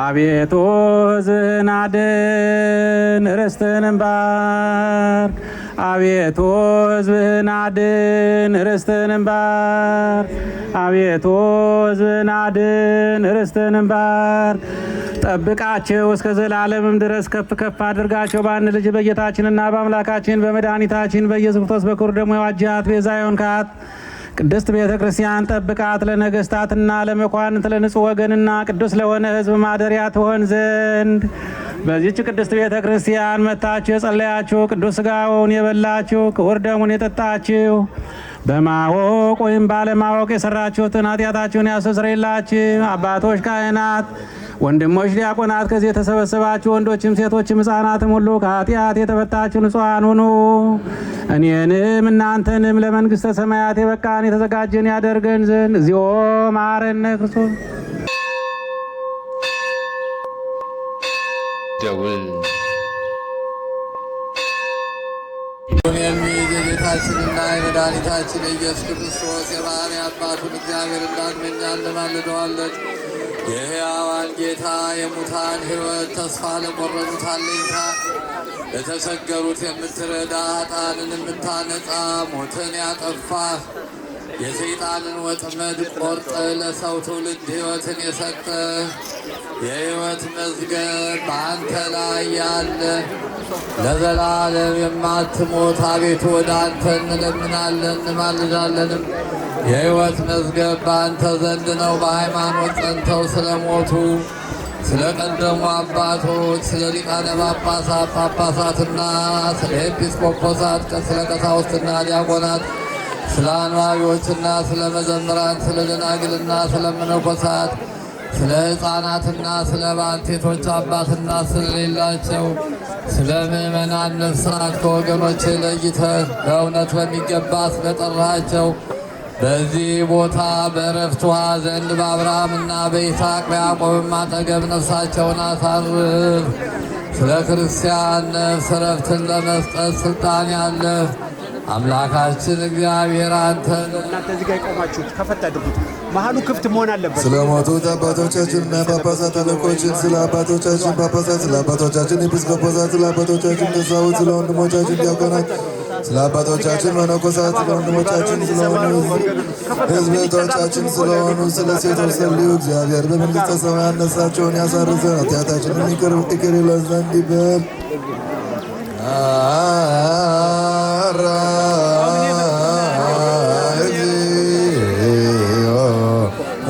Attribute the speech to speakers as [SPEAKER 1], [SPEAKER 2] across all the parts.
[SPEAKER 1] አቤቱ ሕዝብህን አድን፣ ርስትህንም ባርክ። አቤቱ ሕዝብህን አድን፣ ርስትህንም ባርክ። አቤቱ ሕዝብህን አድን፣ ርስትህንም ባርክ። ጠብቃቸው እስከ ዘላለምም ድረስ ከፍ ከፍ አድርጋቸው። በአንድ ልጅ በጌታችንና በአምላካችን በመድኃኒታችን በኢየሱስ ክርስቶስ በኩር ደግሞ የዋጃት ቤዛ የሆንካት ቅድስት ቤተ ክርስቲያን ጠብቃት፣ ለነገስታትና ለመኳንንት ለንጹሕ ወገንና ቅዱስ ለሆነ ህዝብ ማደሪያ ትሆን ዘንድ በዚህች ቅድስት ቤተ ክርስቲያን መታችሁ የጸለያችሁ ቅዱስ ሥጋውን የበላችሁ ክቡር ደሙን የጠጣችሁ በማወቅ ወይም ባለማወቅ የሰራችሁትን ኃጢአታችሁን ያስተሰርይላችሁ አባቶች ካህናት ወንድሞች ዲያቆናት፣ ከዚህ የተሰበሰባችሁ ወንዶችም ሴቶችም ሕፃናትም ሁሉ ከኃጢአት የተፈታችሁ ንጹሐን ሁኑ። እኔንም እናንተንም ለመንግሥተ ሰማያት የበቃን የተዘጋጀን ያደርገን ዘንድ እግዚኦ ማረነ ክርስቶስ።
[SPEAKER 2] ደውል ጌታችንና የመድኃኒታችን ኢየሱስ ክርስቶስ የባህሪ አባቱን እግዚአብሔር እናት መኛን የሕያዋን ጌታ የሙታን ሕይወት ተስፋ ለቆረጡት አለኝታ ለተቸገሩት የምትረዳ ኃጥአንን የምታነጻ ሞትን ያጠፋህ የሰይጣንን ወጥመድ ቆርጥ ለሰው ትውልድ ሕይወትን የሰጠ የሕይወት መዝገብ በአንተ ላይ ያለ ለዘላለም የማትሞት አቤቱ ወደ አንተ እንለምናለን እንማልዳለንም። የሕይወት መዝገብ በአንተ ዘንድ ነው። በሃይማኖት ጸንተው ስለሞቱ ስለ ቀደሙ አባቶች ስለ ሊቃነ ጳጳሳት ጳጳሳትና ስለ ኤጲስቆጶሳት ስለ ቀሳውስትና ዲያቆናት ስለ አንባቢዎችና ስለ መዘምራን ስለ ደናግልና ስለ መነኮሳት ስለ ሕፃናትና ስለ ባልቴቶች አባትና ስለሌላቸው ስለ ምእመናን ነፍሳት ከወገኖች ለይተህ በእውነት በሚገባ ስለጠራቸው በዚህ ቦታ በእረፍት ውሃ ዘንድ በአብርሃም እና በይስሐቅ በያዕቆብም አጠገብ ነፍሳቸውን አሳርፍ። ስለ ክርስቲያን ነፍስ እረፍትን ለመስጠት ስልጣን ያለህ አምላካችን እግዚአብሔር አንተ
[SPEAKER 3] እናንተ እዚህ ጋር የቆማችሁት ከፈት አድርጉት። መሀሉ ክፍት መሆን አለበት።
[SPEAKER 2] ስለ ሞቱት አባቶቻችን እና ጳጳሳት አለቆችን፣ ስለ አባቶቻችን ጳጳሳት፣ ስለ አባቶቻችን ኤጲስ ስለ አባቶቻችን ተሳውት፣ ስለ ወንድሞቻችን ዲያቆናት ስለ አባቶቻችን መነኮሳት፣ ስለ ወንድሞቻችን ስለሆኑ ሕዝብ እህቶቻችን ስለሆኑ ስለ ሴቶች ጸልዩ። እግዚአብሔር በመንግሥተ ሰማይ ያነሳቸውን ያሳርሰን፣ ኃጢአታችንን ይቅር ይለን ዘንድ ይበል።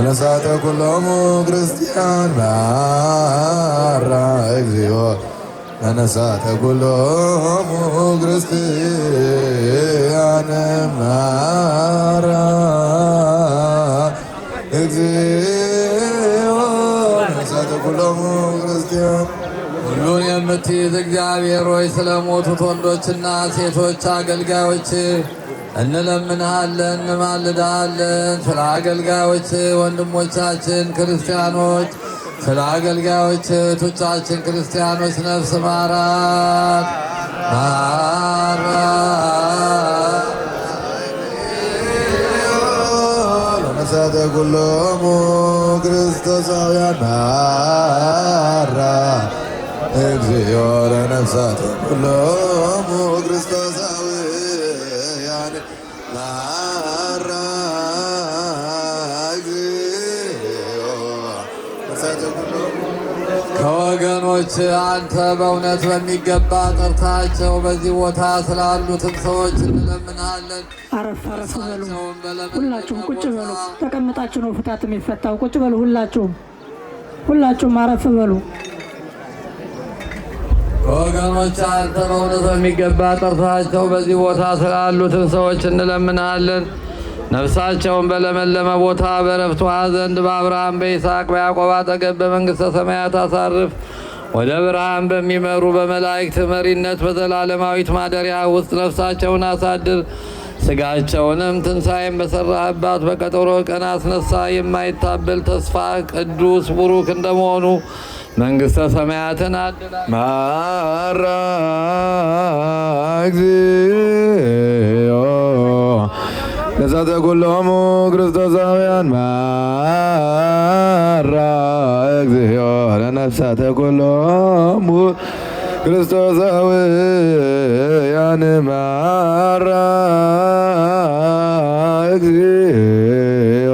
[SPEAKER 2] ነሳተ ኩሎሙ ክርስቲያን ተነሳተ ኩሎሙ ክርስቲያነ ማርያም እግዚኦ ተነሳተ ክርስቲያን ሁሉን የምትይዝ እግዚአብሔር ሆይ ስለሞቱት ወንዶችና ሴቶች አገልጋዮች እንለምንሃለን፣ እንማልዳሃለን። ስለ አገልጋዮች ወንድሞቻችን ክርስቲያኖች ስለ አገልጋዮች እህቶቻችን ክርስቲያኖች ነፍስ ማራት ለመሳተ ኩሎሙ ክርስቶሳውያን ማራ እግዚኦ ለነፍሳተ ኩሎሙ ሰዎች አንተ በእውነት በሚገባ ጠርታቸው በዚህ ቦታ ስላሉትን ሰዎች እንለምናለን።
[SPEAKER 4] አረፍ አረፍ በሉ ሁላችሁም፣ ቁጭ በሉ። ተቀምጣችሁ ነው ፍታት የሚፈታው። ቁጭ በሉ ሁላችሁም፣ ሁላችሁም አረፍ በሉ።
[SPEAKER 2] ወገኖች አንተ በእውነት በሚገባ ጠርታቸው በዚህ ቦታ ስላሉትን ሰዎች እንለምናለን። ነፍሳቸውን በለመለመ ቦታ በረፍቷ ዘንድ በአብርሃም በይስሐቅ በያዕቆብ አጠገብ በመንግሥተ ሰማያት አሳርፍ። ወደ ብርሃን በሚመሩ በመላእክት መሪነት በዘላለማዊት ማደሪያ ውስጥ ነፍሳቸውን አሳድር፣ ስጋቸውንም ትንሣኤን በሠራህባት በቀጠሮ ቀን አስነሳ። የማይታበል ተስፋ ቅዱስ ቡሩክ እንደመሆኑ መንግሥተ ሰማያትን አድላ ማራ እግዚኦ ገጸተ ኩሎሙ ክርስቶሳውያን ማራ እግዚኦ ለነፍሳተ ክርስቶሳውያን ማራ እግዚኦ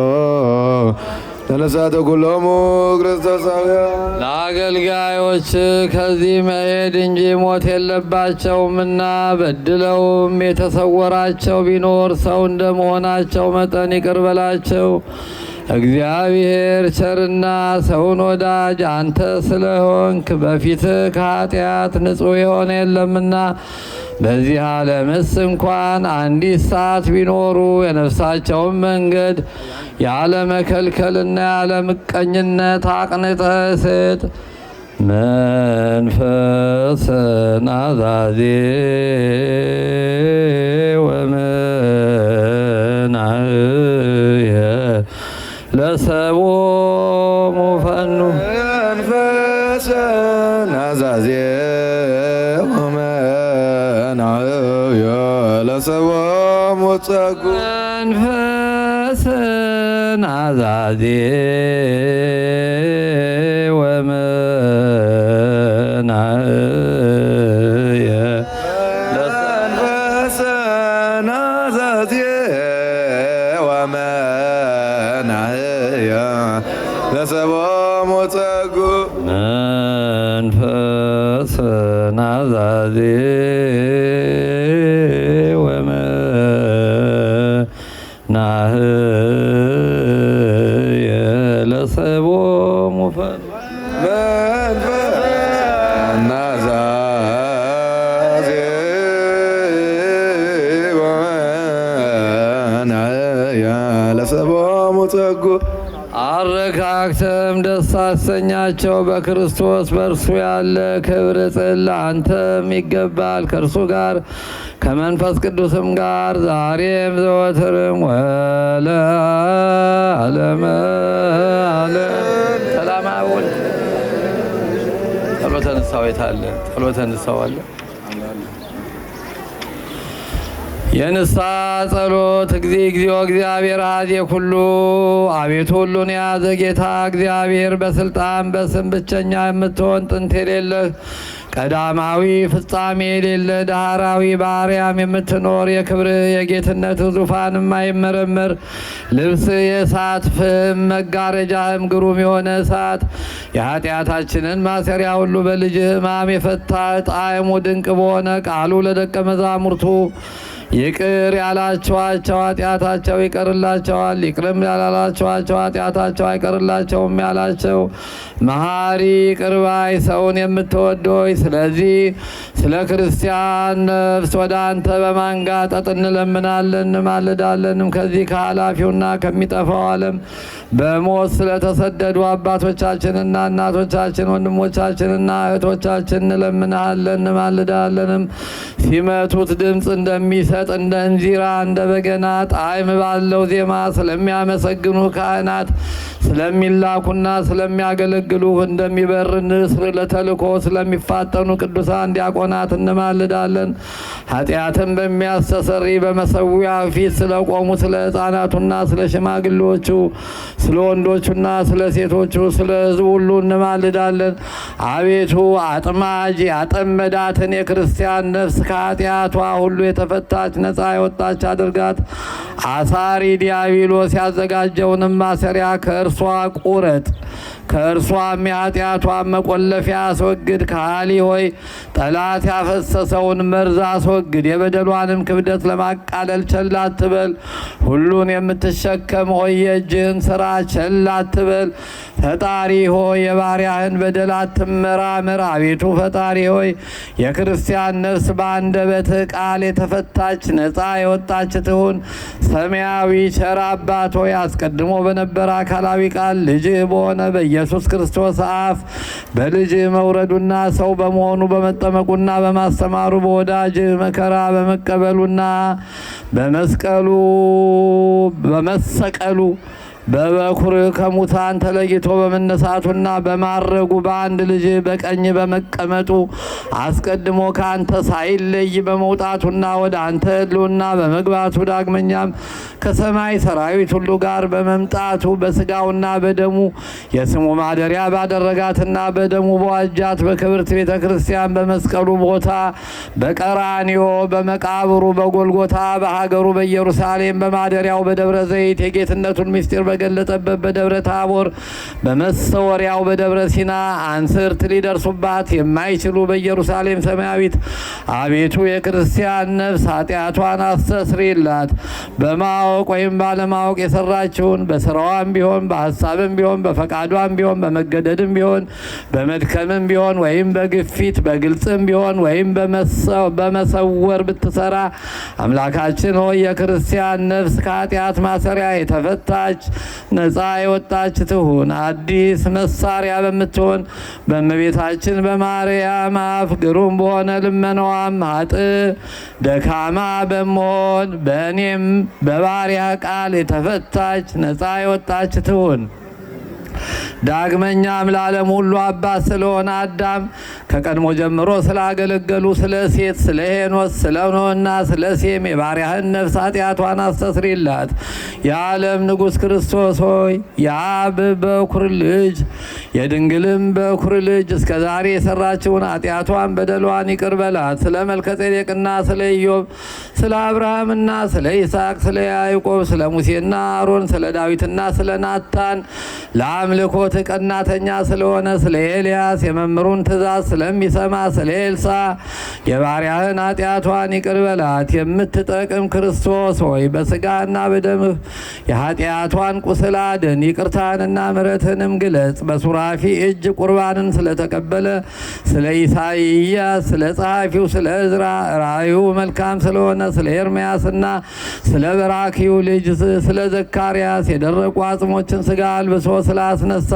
[SPEAKER 2] ተነሳተኩሎሙ ክርስቶሳውያ ለአገልጋዮች ከዚህ መሄድ እንጂ ሞት የለባቸውምና በድለውም የተሰወራቸው ቢኖር ሰው እንደመሆናቸው መጠን ይቅር በላቸው። እግዚአብሔር ቸርና ሰውን ወዳጅ አንተ ስለሆንክ በፊትህ ከኃጢአት ንጹሕ የሆነ የለምና በዚህ ዓለምስ እንኳን አንዲት ሰዓት ቢኖሩ የነፍሳቸውን መንገድ ያለ መከልከልና ያለ ምቀኝነት አቅንተ ስጥ። መንፈስና ዛዜ ለሰቦሙ ፈኑ መንፈስን አዛዜ ወሰቦሙ ጸጉዕ መንፈስን አዛዜ ወመናእየ መንፈስን አዛዜ ወመናእየ ለሰቦሙ ጸጉዕ መንፈስን አዛዜ አረጋግተም ደስ አሰኛቸው። በክርስቶስ በእርሱ ያለ ክብር ጽል አንተም ይገባል ከእርሱ ጋር ከመንፈስ ቅዱስም ጋር ዛሬም ዘወትርም ወለ ጸሎተ ንሳው አለ። የንሳ ጸሎት እግዚ እግዚኦ እግዚአብሔር አዜ ሁሉ አቤቱ ሁሉን የያዘ ጌታ እግዚአብሔር በስልጣን በስም ብቸኛ የምትሆን ጥንት የሌለህ ቀዳማዊ ፍጻሜ የሌለ ዳህራዊ ባህርያም የምትኖር የክብር የጌትነት ዙፋን የማይመረመር ልብስ የእሳት ፍም መጋረጃህም ግሩም የሆነ እሳት የኃጢአታችንን ማሰሪያ ሁሉ በልጅ ህማም የፈታ ጣዕሙ ድንቅ በሆነ ቃሉ ለደቀ መዛሙርቱ ይቅር ያላቸዋቸው ኃጢአታቸው ይቀርላቸዋል፣ ይቅርም ያላላቸዋቸው ኃጢአታቸው አይቀርላቸውም ያላቸው መሐሪ ቅርባይ ሰውን የምትወዶይ ስለዚህ ስለ ክርስቲያን ነፍስ ወደ አንተ በማንጋጠጥ እንለምናለን፣ እንማልዳለንም። ከዚህ ከኃላፊውና ከሚጠፋው ዓለም በሞት ስለተሰደዱ አባቶቻችንና እናቶቻችን ወንድሞቻችንና እህቶቻችን እንለምናለን፣ እንማልዳለንም። ሲመቱት ድምፅ እንደሚሰጥ እንደ እንዚራ እንደ በገና ጣዕም ባለው ዜማ ስለሚያመሰግኑ ካህናት ስለሚላኩና ስለሚያገለግሉ እንደሚበር ንስር ለተልእኮ ስለሚፋ ለተፋጠኑ ቅዱሳን ዲያቆናት እንማልዳለን። ኃጢአትን በሚያስተሰሪ በመሰዊያ ፊት ስለቆሙ ስለ ሕፃናቱና ስለ ሽማግሌዎቹ፣ ስለ ወንዶቹና ስለ ሴቶቹ፣ ስለ ሕዝቡ ሁሉ እንማልዳለን። አቤቱ አጥማጅ ያጠመዳትን የክርስቲያን ነፍስ ከኃጢአቷ ሁሉ የተፈታች ነፃ የወጣች አድርጋት። አሳሪ ዲያብሎስ ያዘጋጀውንም ማሰሪያ ከእርሷ ቁረጥ፣ ከእርሷም የኃጢአቷን መቆለፊያ አስወግድ። ከሃሊ ሆይ ጠላት ያፈሰሰውን መርዝ አስወግድ፣ የበደሏንም ክብደት ለማቃለል ቸል አትበል። ሁሉን የምትሸከም ሆይ የእጅህን ስራ ቸል አትበል። ፈጣሪ ሆይ የባሪያህን በደል አትመራምር። አቤቱ ፈጣሪ ሆይ የክርስቲያን ነፍስ በአንደበትህ ቃል የተፈታች ነፃ የወጣች ትሁን። ሰማያዊ ቸር አባት ሆይ አስቀድሞ በነበረ አካላዊ ቃል ልጅህ በሆነ በኢየሱስ ክርስቶስ አፍ በልጅህ መውረዱና ሰው በመሆኑ በመጠመቁና በማስተማሩ በወዳጅ መከራ በመቀበሉና በመስቀሉ በመሰቀሉ በበኩር ከሙታን ተለይቶ በመነሳቱና በማረጉ በአንድ ልጅ በቀኝ በመቀመጡ አስቀድሞ ከአንተ ሳይለይ በመውጣቱና ወደ አንተ ህልውና በመግባቱ ዳግመኛም ከሰማይ ሰራዊት ሁሉ ጋር በመምጣቱ በስጋውና በደሙ የስሙ ማደሪያ ባደረጋትና በደሙ በዋጃት በክብርት ቤተ ክርስቲያን በመስቀሉ ቦታ በቀራኒዮ በመቃብሩ በጎልጎታ በሀገሩ በኢየሩሳሌም በማደሪያው በደብረ ዘይት የጌትነቱን ምስጢር በተገለጠበት በደብረ ታቦር በመሰወሪያው በደብረ ሲና አንስርት ሊደርሱባት የማይችሉ በኢየሩሳሌም ሰማያዊት አቤቱ የክርስቲያን ነፍስ ኃጢአቷን አስተስሪላት። በማወቅ ወይም ባለማወቅ የሰራችውን በስራዋም ቢሆን በሀሳብም ቢሆን በፈቃዷም ቢሆን በመገደድም ቢሆን በመድከምም ቢሆን ወይም በግፊት በግልጽም ቢሆን ወይም በመሰወር ብትሰራ አምላካችን ሆይ የክርስቲያን ነፍስ ከኃጢአት ማሰሪያ የተፈታች ነፃ የወጣች ትሁን። አዲስ መሳሪያ በምትሆን በእመቤታችን በማርያም አፍ ግሩም በሆነ ልመናዋም አጥ ደካማ በመሆን በእኔም በባሪያ ቃል የተፈታች ነፃ የወጣች ትሁን። ዳግመኛም ለዓለም ሁሉ አባት ስለሆነ አዳም ከቀድሞ ጀምሮ ስላገለገሉ ስለ ሴት፣ ስለ ሄኖስ፣ ስለ ኖህና ስለ ሴም የባሪያህን ነፍስ ኃጢአቷን አስተስሪላት። የዓለም ንጉሥ ክርስቶስ ሆይ የአብ በኩር ልጅ የድንግልም በኩር ልጅ እስከ ዛሬ የሰራችውን ኃጢአቷን በደሏን ይቅር በላት። ስለ መልከጼዴቅና ስለ ኢዮብ፣ ስለ አብርሃምና ስለ ይስሐቅ፣ ስለ ያዕቆብ፣ ስለ ሙሴና አሮን፣ ስለ ዳዊትና ስለ ናታን በአምልኮት ቀናተኛ ስለሆነ ስለ ኤልያስ የመምህሩን ትእዛዝ ስለሚሰማ ስለ ኤልሳ የባሪያህን ኃጢአቷን ይቅርበላት የምትጠቅም ክርስቶስ ሆይ በስጋና በደምህ የኃጢአቷን ቁስል አድን፣ ይቅርታንና ምረትንም ግለጽ። በሱራፊ እጅ ቁርባንን ስለተቀበለ ስለ ኢሳይያስ ስለ ጸሐፊው ስለ እዝራ ራእዩ መልካም ስለሆነ ስለ ኤርምያስና ስለ በራኪው ልጅ ስለ ዘካርያስ የደረቁ አጽሞችን ስጋ አልብሶ ስላ አስነሳ።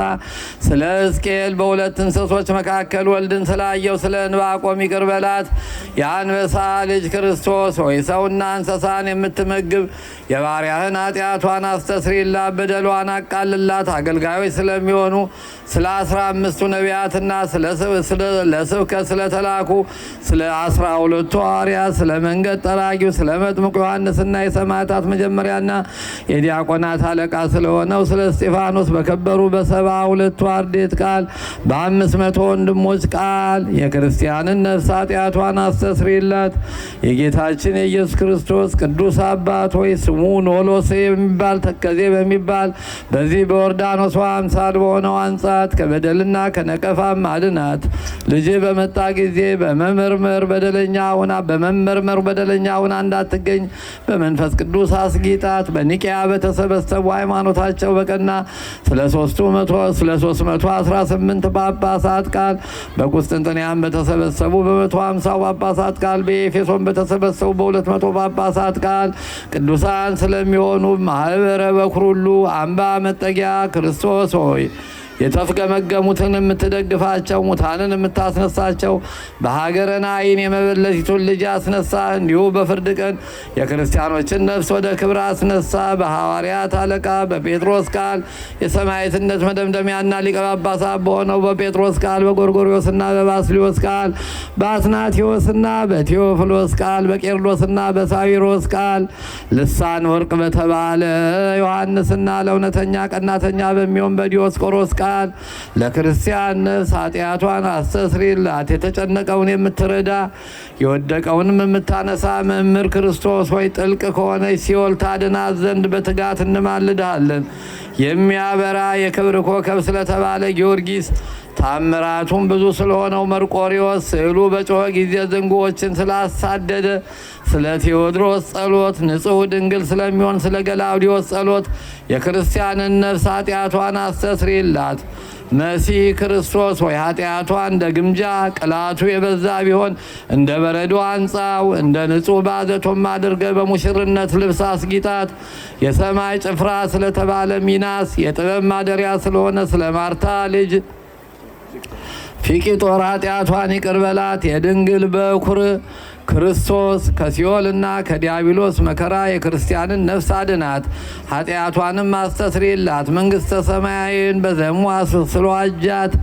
[SPEAKER 2] ስለ ሕዝቅኤል በሁለት እንስሶች መካከል ወልድን ስላየው ስለ ዕንባቆም ይቅር በላት። የአንበሳ ልጅ ክርስቶስ ሆይ ሰውና እንስሳን የምትመግብ የባሪያህን ኃጢአቷን አስተስሪላት፣ በደሏን አቃልላት። አገልጋዮች ስለሚሆኑ ስለ አስራ አምስቱ ነቢያትና ለስብከት ስለተላኩ ስለ አስራ ሁለቱ ሐዋርያት ስለ መንገድ ጠራጊው ስለ መጥምቁ ዮሐንስና የሰማዕታት መጀመሪያና የዲያቆናት አለቃ ስለሆነው ስለ እስጢፋኖስ በከበሩ በሰባ ሁለቱ አርዴት ቃል በአምስት መቶ ወንድሞች ቃል የክርስቲያንን ነፍስ ኃጢአቷን አስተስሪላት የጌታችን የኢየሱስ ክርስቶስ ቅዱስ አባት ሆይ ስሙ ኖሎሴ የሚባል ተከዜ በሚባል በዚህ በዮርዳኖስ አምሳል በሆነው አንጻት ከበደልና ከነቀፋም አድናት። ልጅ በመጣ ጊዜ በመመርመር በደለኛ ሁና በመመርመር በደለኛ ሁና እንዳትገኝ በመንፈስ ቅዱስ አስጊጣት። በኒቅያ በተሰበሰቡ ሃይማኖታቸው በቀና ስለ ሶስቱ ለ318 ጳጳሳት ቃል በቁስጥንጥንያም በተሰበሰቡ በ150 ጳጳሳት ቃል በኤፌሶን በተሰበሰቡ በ200 ጳጳሳት ቃል ቅዱሳን ስለሚሆኑ ማህበረ በኩር ሁሉ አምባ መጠጊያ ክርስቶስ ሆይ የተፍገመገሙትን የምትደግፋቸው፣ ሙታንን የምታስነሳቸው፣ በሀገረን አይን የመበለቲቱን ልጅ አስነሳ። እንዲሁ በፍርድ ቀን የክርስቲያኖችን ነፍስ ወደ ክብር አስነሳ። በሐዋርያት አለቃ በጴጥሮስ ቃል የሰማዕትነት መደምደሚያና ሊቀ ጳጳሳት በሆነው በጴጥሮስ ቃል በጎርጎሪዎስና በባስሊዮስ ቃል በአስናቴዎስና በቴዎፍሎስ ቃል በቄርሎስና በሳዊሮስ ቃል ልሳን ወርቅ በተባለ ዮሐንስና ለእውነተኛ ቀናተኛ በሚሆን በዲዮስቆሮስ ቃል የምትሳል ለክርስቲያን ነፍስ ኃጢአቷን አስተስሪላት የተጨነቀውን የምትረዳ የወደቀውንም የምታነሳ መምህር ክርስቶስ ሆይ ጥልቅ ከሆነች ሲኦል ታድናት ዘንድ በትጋት እንማልድሃለን። የሚያበራ የክብር ኮከብ ስለተባለ ጊዮርጊስ ታምራቱም ብዙ ስለሆነው መርቆሪዎስ ስዕሉ በጮኸ ጊዜ ዝንጉዎችን ስላሳደደ ስለ ቴዎድሮስ ጸሎት፣ ንጹሕ ድንግል ስለሚሆን ስለ ገላውዲዎስ ጸሎት የክርስቲያንን ነፍስ ኃጢአቷን አስተስሪላት። መሲህ ክርስቶስ ወይ ኃጢአቷ እንደ ግምጃ ቅላቱ የበዛ ቢሆን እንደ በረዶ አንጻው፣ እንደ ንጹሕ ባዘቶም አድርገ በሙሽርነት ልብስ አስጊጣት። የሰማይ ጭፍራ ስለተባለ ሚናስ የጥበብ ማደሪያ ስለሆነ ስለ ማርታ ልጅ ፊቂጦር ኃጢአቷን ይቅርበላት የድንግል በኩር ክርስቶስ ከሲኦልና ከዲያብሎስ መከራ የክርስቲያንን ነፍስ አድናት፣ ኃጢአቷንም አስተስሪላት። መንግሥተ ሰማያዊን በዘሙ አስስሎ አጃት።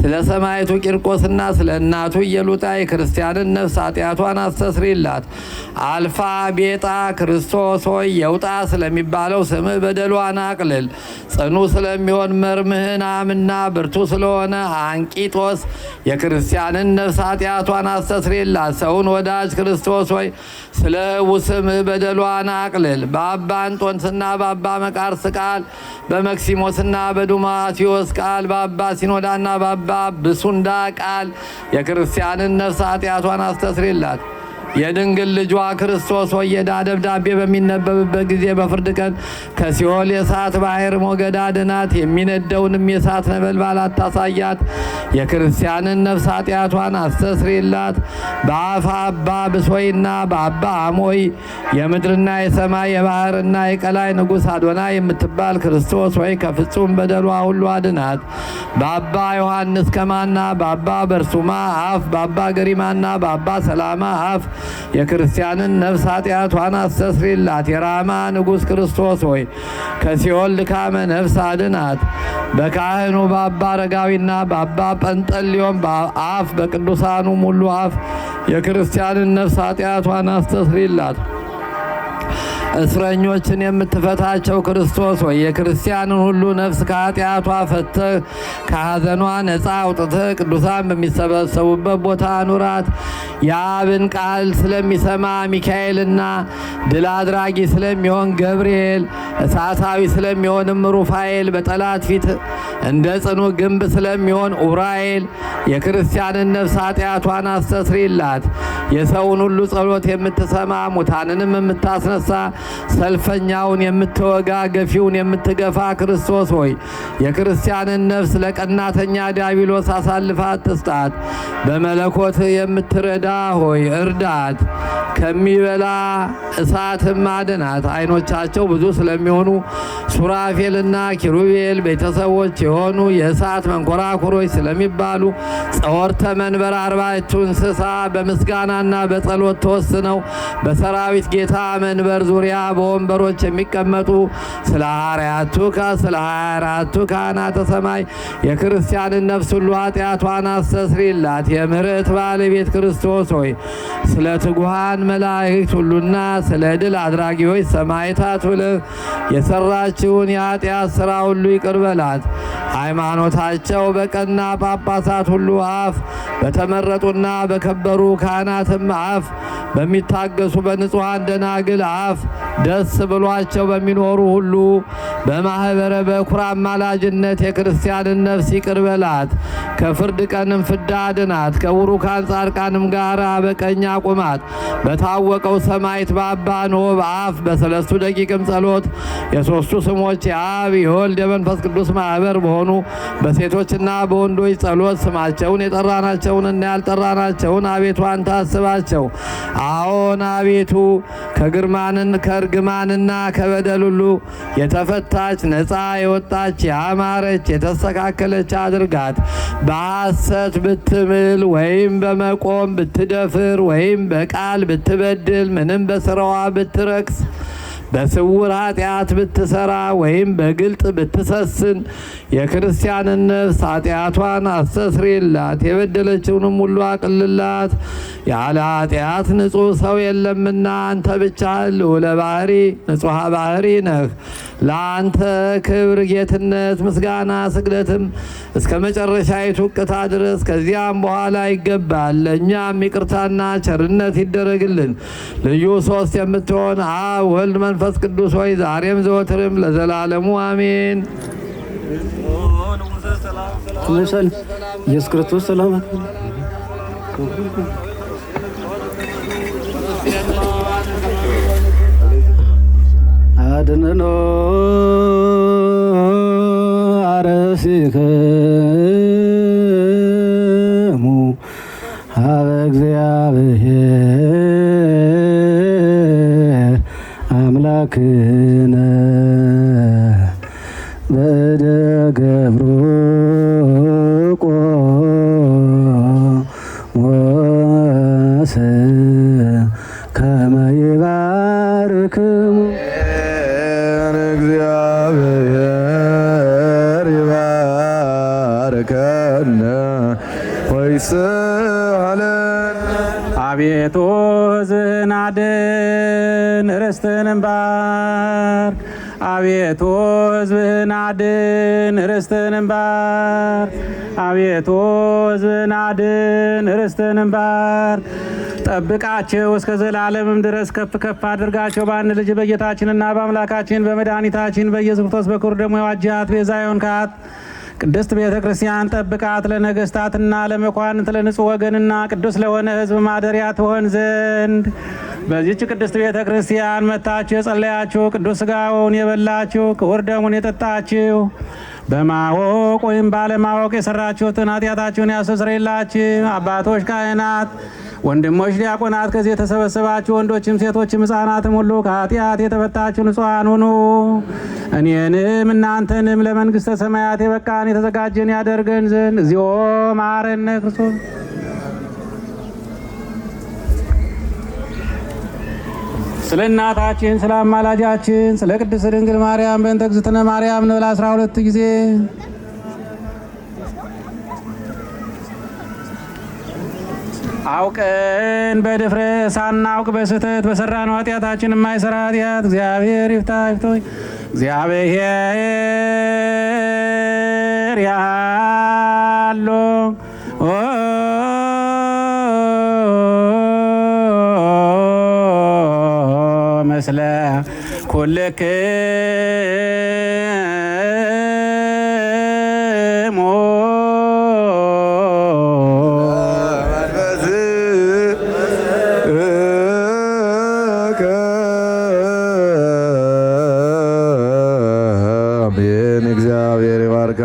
[SPEAKER 2] ስለ ሰማይቱ ቂርቆስና ስለ እናቱ ኢየሉጣ የክርስቲያንን ነፍስ ኃጢአቷን አስተስሪላት። አልፋ ቤጣ ክርስቶስ ሆይ የውጣ ስለሚባለው ስምህ በደሏን አቅልል። ጽኑ ስለሚሆን መርምህናምና ብርቱ ስለሆነ አንቂጦስ የክርስቲያንን ነፍስ ኃጢአቷን አስተስሪላት። ሰውን ወዳጅ ክርስቶስ ሆይ ስለ ሕቡዕ ስምህ በደሏን አቅልል። በአባ አንጦንስና በአባ መቃርስ ቃል በመክሲሞስና በዱማቴዎስ ቃል በአባ ሲኖዳና በአባ ብሱንዳ ቃል የክርስቲያንን ነፍስ ኃጢአቷን አስተስሪላት። የድንግል ልጇ ክርስቶስ ወየዳ ደብዳቤ በሚነበብበት ጊዜ በፍርድ ቀን ከሲኦል የእሳት ባህር ሞገድ አድናት፣ የሚነደውንም የእሳት ነበልባል አታሳያት፣ የክርስቲያንን ነፍስ ኃጢአቷን አስተስሪላት። በአፈ አባ ብሶይና በአባ አሞይ የምድርና የሰማይ የባህርና የቀላይ ንጉሥ አዶና የምትባል ክርስቶስ ወይ ከፍጹም በደሏ ሁሉ አድናት። በአባ ዮሐንስ ከማና በአባ በርሱማ አፍ በአባ ገሪማና በአባ ሰላማ አፍ የክርስቲያንን ነፍስ ኃጢአቷን አስተስሪላት። የራማ ንጉሥ ክርስቶስ ሆይ ከሲኦል ልካመ ነፍስ አድናት። በካህኑ በአባ አረጋዊና በአባ ጰንጠሊዮን አፍ በቅዱሳኑ ሙሉ አፍ የክርስቲያንን ነፍስ ኃጢአቷን አስተስሪላት። እስረኞችን የምትፈታቸው ክርስቶስ ወይ የክርስቲያንን ሁሉ ነፍስ ከኃጢአቷ ፈትህ ከሐዘኗ ነፃ አውጥተህ ቅዱሳን በሚሰበሰቡበት ቦታ አኑራት። የአብን ቃል ስለሚሰማ ሚካኤልና ድል አድራጊ ስለሚሆን ገብርኤል እሳታዊ ስለሚሆንም ሩፋኤል በጠላት ፊት እንደ ጽኑ ግንብ ስለሚሆን ኡራኤል የክርስቲያንን ነፍስ ኃጢአቷን አስተስሪላት። የሰውን ሁሉ ጸሎት የምትሰማ ሙታንንም የምታስነሳ ሰልፈኛውን የምትወጋ ገፊውን የምትገፋ ክርስቶስ ሆይ የክርስቲያንን ነፍስ ለቀናተኛ ዲያብሎስ አሳልፋ አትስጣት። በመለኮት የምትረዳ ሆይ እርዳት፣ ከሚበላ እሳትም አድናት። ዓይኖቻቸው ብዙ ስለሚሆኑ ሱራፌልና ኪሩቤል ቤተሰቦች የሆኑ የእሳት መንኮራኩሮች ስለሚባሉ ጸወርተ መንበር አርባዕቱ እንስሳ በምስጋናና በጸሎት ተወስነው በሰራዊት ጌታ መንበር ዙሪያ ዙሪያ በወንበሮች የሚቀመጡ ስለ ሐዋርያቱ ስለ ሀያ አራቱ ካህናተ ሰማይ የክርስቲያንን ነፍስ ሁሉ ኃጢአቷን አስተስሪላት የምሕረት ባለቤት ክርስቶስ ሆይ ስለ ትጉሃን መላእክት ሁሉና ስለ ድል አድራጊዎች ሰማይታት ብለህ የሰራችውን የኃጢአት ሥራ ሁሉ ይቅር ሃይማኖታቸው በቀና ጳጳሳት ሁሉ አፍ በተመረጡና በከበሩ ካህናትም አፍ በሚታገሱ በንጹሐን ደናግል አፍ ደስ ብሏቸው በሚኖሩ ሁሉ በማህበረ በኵር አማላጅነት የክርስቲያንን ነፍስ ይቅር በላት፣ ከፍርድ ቀንም ፍዳ አድናት፣ ከቡሩካን ጻድቃንም ጋር በቀኝ አቁማት። በታወቀው ሰማይት በአባ ኖ አፍ በሰለስቱ ደቂቅም ጸሎት የሦስቱ ስሞች የአብ የወልድ የመንፈስ ቅዱስ ማህበር በሆኑ በሴቶችና በወንዶች ጸሎት ስማቸውን የጠራናቸውንና ያልጠራናቸውን አቤቱ አንተ አስባቸው። አዎን አቤቱ ከግርማንን ከእርግማንና ከበደል ሁሉ የተፈታች ነፃ የወጣች ያማረች የተስተካከለች አድርጋት። በሐሰት ብትምል ወይም በመቆም ብትደፍር ወይም በቃል ብትበድል ምንም በስራዋ ብትረክስ በስውር ኃጢአት ብትሰራ ወይም በግልጥ ብትሰስን የክርስቲያንን ነፍስ ኃጢአቷን አስተስሬላት የበደለችውንም ሁሉ አቅልላት። ያለ ኃጢአት ንጹሕ ሰው የለምና አንተ ብቻ ልዑለ ባህሪ ንጹሐ ባህሪ ነህ። ለአንተ ክብር፣ ጌትነት፣ ምስጋና፣ ስግደትም እስከ መጨረሻይቱ እቅታ ድረስ ከዚያም በኋላ ይገባል። ለእኛም ይቅርታና ቸርነት ይደረግልን። ልዩ ሶስት የምትሆን አብ ወልድ መንፈስ ቅዱስ ሆይ ዛሬም ዘወትርም ለዘላለሙ አሜን።
[SPEAKER 3] ኢየሱስ ክርስቶስ ሰላም
[SPEAKER 1] አድንኖ አረሲከሙ ሀበ እግዚአብሔር አምላክነ በደገብሩቆ ወስከመ እግዚአብሔር ይባርከነ ወይስ ርስትህንም ባርክ። አቤቱ ሕዝብህን አድን፣ ርስትህንም ባርክ። አቤቱ ሕዝብህን አድን፣ ርስትህንም ባርክ። ጠብቃቸው እስከ ዘላለምም ድረስ ከፍ ከፍ አድርጋቸው። በአንድ ልጅ በጌታችንና በአምላካችን በመድኃኒታችን በኢየሱስ ክርስቶስ በኩር ደግሞ የዋጃት ቤዛ የሆንካት ቅድስት ቤተ ክርስቲያን ጠብቃት ለነገስታትና ለመኳንንት ለንጹሕ ወገንና ቅዱስ ለሆነ ህዝብ ማደሪያ ትሆን ዘንድ በዚች ቅድስት ቤተ ክርስቲያን መታችሁ የጸለያችሁ ቅዱስ ሥጋውን የበላችሁ ክቡር ደሙን የጠጣችሁ በማወቅ ወይም ባለማወቅ የሰራችሁትን ኃጢአታችሁን ያስተሰርይላችሁ አባቶች ካህናት ወንድሞች ዲያቆናት፣ ከዚህ የተሰበሰባችሁ ወንዶችም ሴቶችም ህጻናትም ሁሉ ከኃጢአት የተፈታችሁ ንጹሐን ሁኑ። እኔንም እናንተንም ለመንግሥተ ሰማያት የበቃን የተዘጋጀን ያደርገን ዘንድ እግዚኦ ማረነ ክርስቶስ ስለ እናታችን ስለ አማላጃችን ስለ ቅድስት ድንግል ማርያም በእንተ እግዝእትነ ማርያም ንበል አስራ ሁለት ጊዜ አውቀን በድፍረ ሳናውቅ በስህተት በሰራነው ኃጢአታችን የማይሰራ ኃጢአት እግዚአብሔር ይፍታ ይፍቶ እግዚአብሔር ያሎ መስለ ኩልክ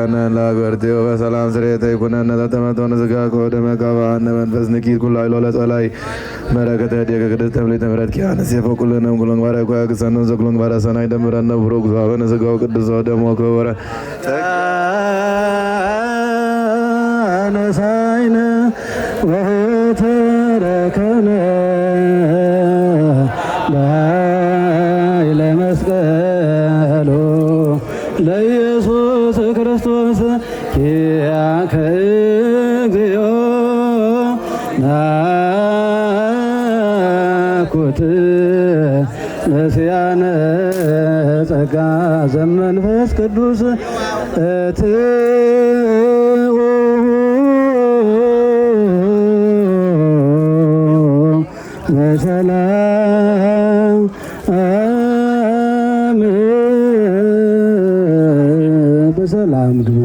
[SPEAKER 1] ወረከነ ለአገርቴው በሰላም ስሬተ ይኩነነ ተተመቶን ስጋ ከወደ ከበአነ መንፈስ ንኪር ኩላይሎ ለጸላይ መረከተ ደገ ቅድስት ተምሌ ተምረት ኪያነ ኪያንስ የፈቁልነ እንኩሎን ባረኮ ያቅሰነን ዘኩሎን ሰናይ ደምረነ ብሮ ጉዛበነ ስጋው ቅዱሶ ደሞ ከበረ ነሳይነ ወተረከነ ኃይለ ለኢየሱስ ክርስቶስ ኪያከ እግዚኦ ናኩት መስያነ ጸጋ ዘመንፈስ ቅዱስ እትኡ በሰላም ወሰላም ግቡ